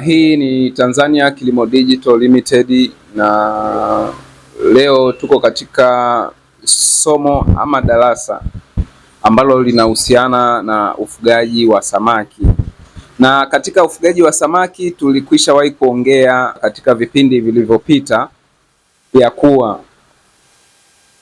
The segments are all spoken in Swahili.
Hii ni Tanzania Kilimo Digital Limited na leo tuko katika somo ama darasa ambalo linahusiana na ufugaji wa samaki. Na katika ufugaji wa samaki tulikwishawahi kuongea katika vipindi vilivyopita ya kuwa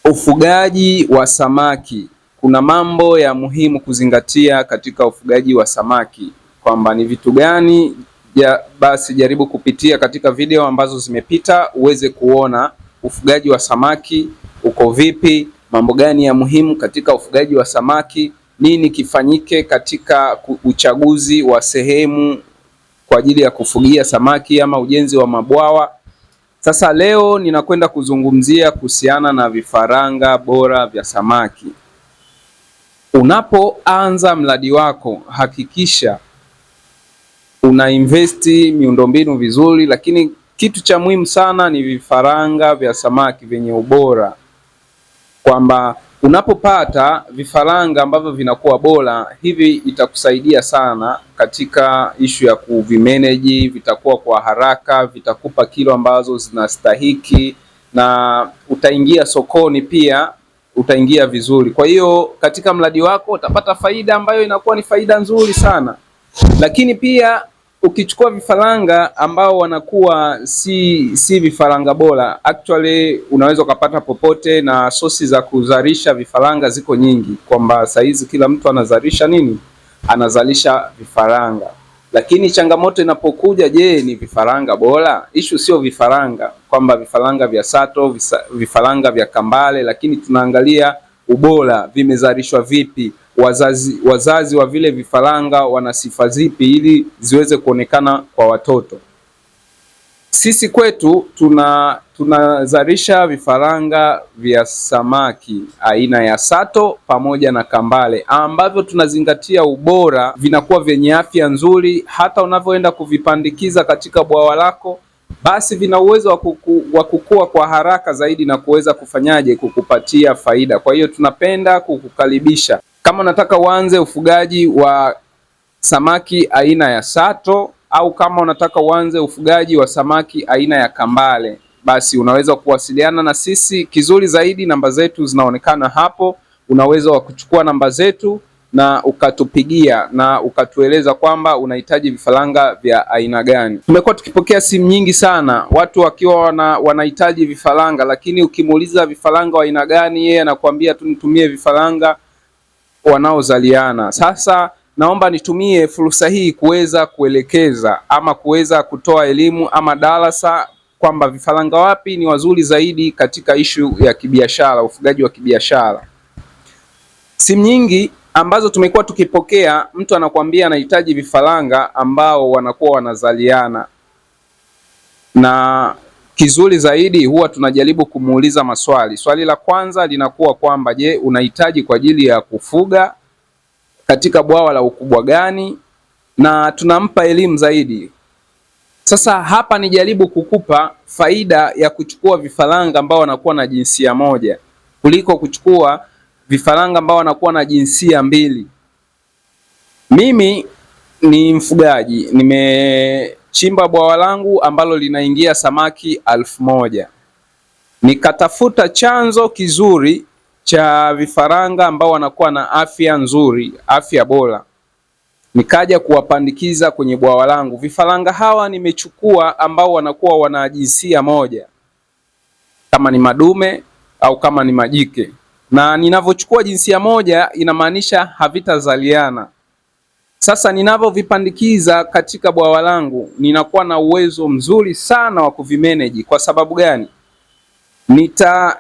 ufugaji wa samaki kuna mambo ya muhimu kuzingatia katika ufugaji wa samaki kwamba ni vitu gani ja, basi jaribu kupitia katika video ambazo zimepita uweze kuona ufugaji wa samaki uko vipi, mambo gani ya muhimu katika ufugaji wa samaki, nini kifanyike katika uchaguzi wa sehemu kwa ajili ya kufugia samaki ama ujenzi wa mabwawa. Sasa leo ninakwenda kuzungumzia kuhusiana na vifaranga bora vya samaki. Unapoanza mradi wako hakikisha unainvesti miundombinu vizuri, lakini kitu cha muhimu sana ni vifaranga vya samaki vyenye ubora, kwamba unapopata vifaranga ambavyo vinakuwa bora, hivi itakusaidia sana katika ishu ya kuvimeneji. Vitakuwa kwa haraka, vitakupa kilo ambazo zinastahiki na utaingia sokoni pia utaingia vizuri. Kwa hiyo katika mradi wako utapata faida ambayo inakuwa ni faida nzuri sana. Lakini pia ukichukua vifaranga ambao wanakuwa si si vifaranga bora, actually unaweza ukapata popote, na sosi za kuzalisha vifaranga ziko nyingi, kwamba saizi kila mtu anazalisha nini, anazalisha vifaranga. Lakini changamoto inapokuja, je, ni vifaranga bora? Ishu sio vifaranga kwamba vifaranga vya sato visa, vifaranga vya kambale, lakini tunaangalia ubora, vimezalishwa vipi wazazi, wazazi wa vile vifaranga wana sifa zipi ili ziweze kuonekana kwa watoto. Sisi kwetu tuna tunazalisha vifaranga vya samaki aina ya sato pamoja na kambale ambavyo tunazingatia ubora, vinakuwa vyenye afya nzuri. Hata unavyoenda kuvipandikiza katika bwawa lako, basi vina uwezo wa kuku, wa kukua kwa haraka zaidi na kuweza kufanyaje, kukupatia faida. Kwa hiyo tunapenda kukukaribisha kama unataka uanze ufugaji wa samaki aina ya sato au kama unataka uanze ufugaji wa samaki aina ya kambale, basi unaweza kuwasiliana na sisi. Kizuri zaidi, namba zetu zinaonekana hapo. Unaweza wa kuchukua namba zetu na ukatupigia na ukatueleza kwamba unahitaji vifaranga vya aina gani. Tumekuwa tukipokea simu nyingi sana, watu wakiwa wana, wanahitaji vifaranga, lakini ukimuuliza vifaranga wa aina gani, yeye anakuambia tu nitumie vifaranga wanaozaliana. Sasa naomba nitumie fursa hii kuweza kuelekeza ama kuweza kutoa elimu ama darasa kwamba vifaranga wapi ni wazuri zaidi katika ishu ya kibiashara, ufugaji wa kibiashara. Simu nyingi ambazo tumekuwa tukipokea, mtu anakuambia anahitaji vifaranga ambao wanakuwa wanazaliana na Kizuri zaidi huwa tunajaribu kumuuliza maswali. Swali la kwanza linakuwa kwamba je, unahitaji kwa ajili ya kufuga katika bwawa la ukubwa gani? Na tunampa elimu zaidi. Sasa hapa ni jaribu kukupa faida ya kuchukua vifaranga ambao wanakuwa na jinsia moja kuliko kuchukua vifaranga ambao wanakuwa na jinsia mbili. Mimi ni mfugaji nime chimba bwawa langu ambalo linaingia samaki elfu moja. Nikatafuta chanzo kizuri cha vifaranga ambao wanakuwa na afya nzuri, afya bora, nikaja kuwapandikiza kwenye bwawa langu. Vifaranga hawa nimechukua ambao wanakuwa wana jinsia moja, kama ni madume au kama ni majike, na ninavyochukua jinsia moja inamaanisha havitazaliana. Sasa ninavyovipandikiza katika bwawa langu ninakuwa na uwezo mzuri sana wa kuvimeneji. Kwa sababu gani? Nita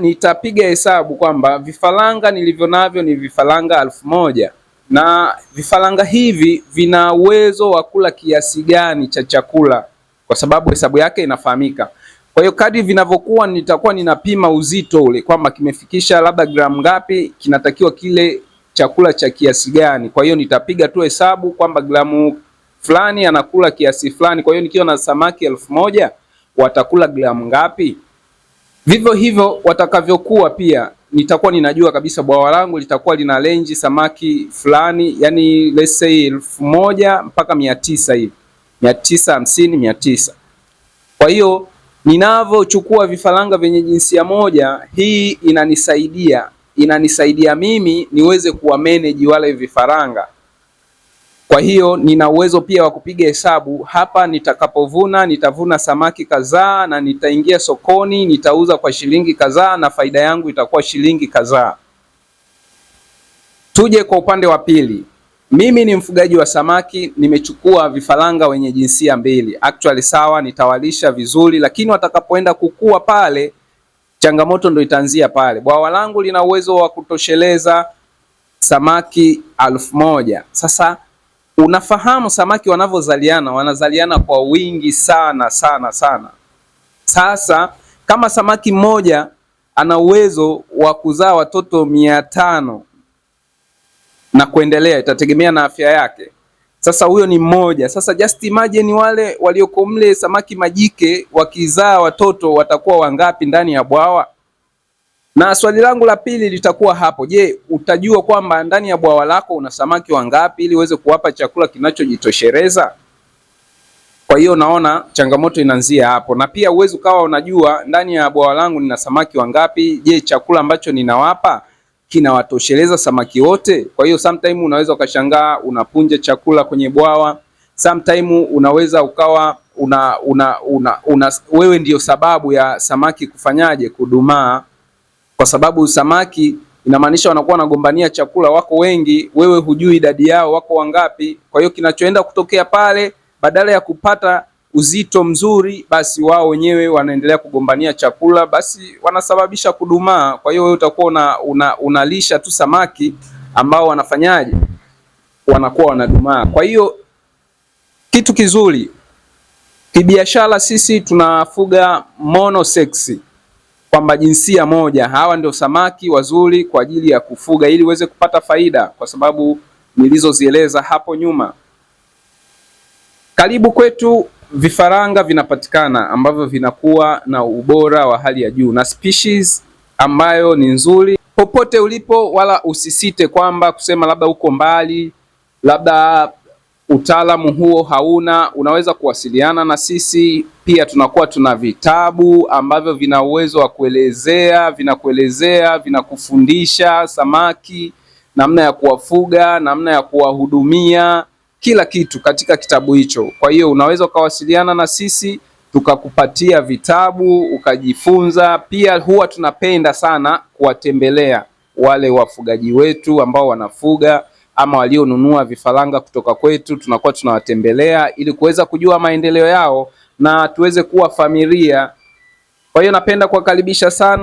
nitapiga hesabu kwamba vifaranga nilivyo navyo ni vifaranga elfu moja na vifaranga hivi vina uwezo wa kula kiasi gani cha chakula, kwa sababu hesabu yake inafahamika. Kwa hiyo kadri vinavyokuwa nitakuwa ninapima uzito ule kwamba kimefikisha labda gramu ngapi, kinatakiwa kile chakula cha kiasi gani. Kwa hiyo nitapiga tu hesabu kwamba gramu fulani anakula kiasi fulani. Kwa hiyo nikiwa na samaki elfu moja watakula gramu ngapi? Vivyo hivyo watakavyokuwa pia nitakuwa ninajua kabisa bwawa langu litakuwa lina lenji samaki fulani, yani let's say elfu moja mpaka mia tisa hivi mia tisa hamsini mia tisa Kwa hiyo ninavyochukua vifaranga vyenye jinsia moja, hii inanisaidia inanisaidia mimi niweze kuwa manage wale vifaranga. Kwa hiyo nina uwezo pia wa kupiga hesabu hapa, nitakapovuna nitavuna samaki kadhaa na nitaingia sokoni nitauza kwa shilingi kadhaa na faida yangu itakuwa shilingi kadhaa. Tuje kwa upande wa pili. Mimi ni mfugaji wa samaki, nimechukua vifaranga wenye jinsia mbili. Actually sawa, nitawalisha vizuri, lakini watakapoenda kukua pale changamoto ndo itaanzia pale. Bwawa langu lina uwezo wa kutosheleza samaki alfu moja. Sasa unafahamu samaki wanavyozaliana, wanazaliana kwa wingi sana sana sana. Sasa kama samaki mmoja ana uwezo wa kuzaa watoto mia tano na kuendelea, itategemea na afya yake. Sasa huyo ni mmoja. Sasa just imagine wale walioko mle samaki majike wakizaa watoto watakuwa wangapi ndani ya bwawa? Na swali langu la pili litakuwa hapo. Je, utajua kwamba ndani ya bwawa lako una samaki wangapi ili uweze kuwapa chakula kinachojitosheleza? Kwa hiyo naona changamoto inaanzia hapo, na pia uwezi ukawa unajua ndani ya bwawa langu nina samaki wangapi. Je, chakula ambacho ninawapa kinawatosheleza samaki wote. Kwa hiyo sometime unaweza ukashangaa unapunja chakula kwenye bwawa, sometime unaweza ukawa una, una, una, una wewe ndiyo sababu ya samaki kufanyaje kudumaa, kwa sababu samaki inamaanisha wanakuwa wanagombania chakula, wako wengi, wewe hujui idadi yao, wako wangapi. Kwa hiyo kinachoenda kutokea pale badala ya kupata uzito mzuri, basi wao wenyewe wanaendelea kugombania chakula, basi wanasababisha kudumaa. Kwa hiyo wewe utakuwa una, una, unalisha tu samaki ambao wanafanyaje, wanakuwa wanadumaa. Kwa hiyo kitu kizuri kibiashara, sisi tunafuga monosex, kwamba jinsia moja, hawa ndio samaki wazuri kwa ajili ya kufuga, ili uweze kupata faida kwa sababu nilizozieleza hapo nyuma. Karibu kwetu vifaranga vinapatikana ambavyo vinakuwa na ubora wa hali ya juu na species ambayo ni nzuri. Popote ulipo, wala usisite kwamba kusema labda uko mbali, labda utaalamu huo hauna, unaweza kuwasiliana na sisi. Pia tunakuwa tuna vitabu ambavyo vina uwezo wa kuelezea, vinakuelezea, vinakufundisha samaki, namna ya kuwafuga, namna ya kuwahudumia kila kitu katika kitabu hicho. Kwa hiyo unaweza ukawasiliana na sisi tukakupatia vitabu ukajifunza. Pia huwa tunapenda sana kuwatembelea wale wafugaji wetu ambao wanafuga ama walionunua vifaranga kutoka kwetu, tunakuwa tunawatembelea ili kuweza kujua maendeleo yao na tuweze kuwa familia. Kwa hiyo napenda kuwakaribisha sana.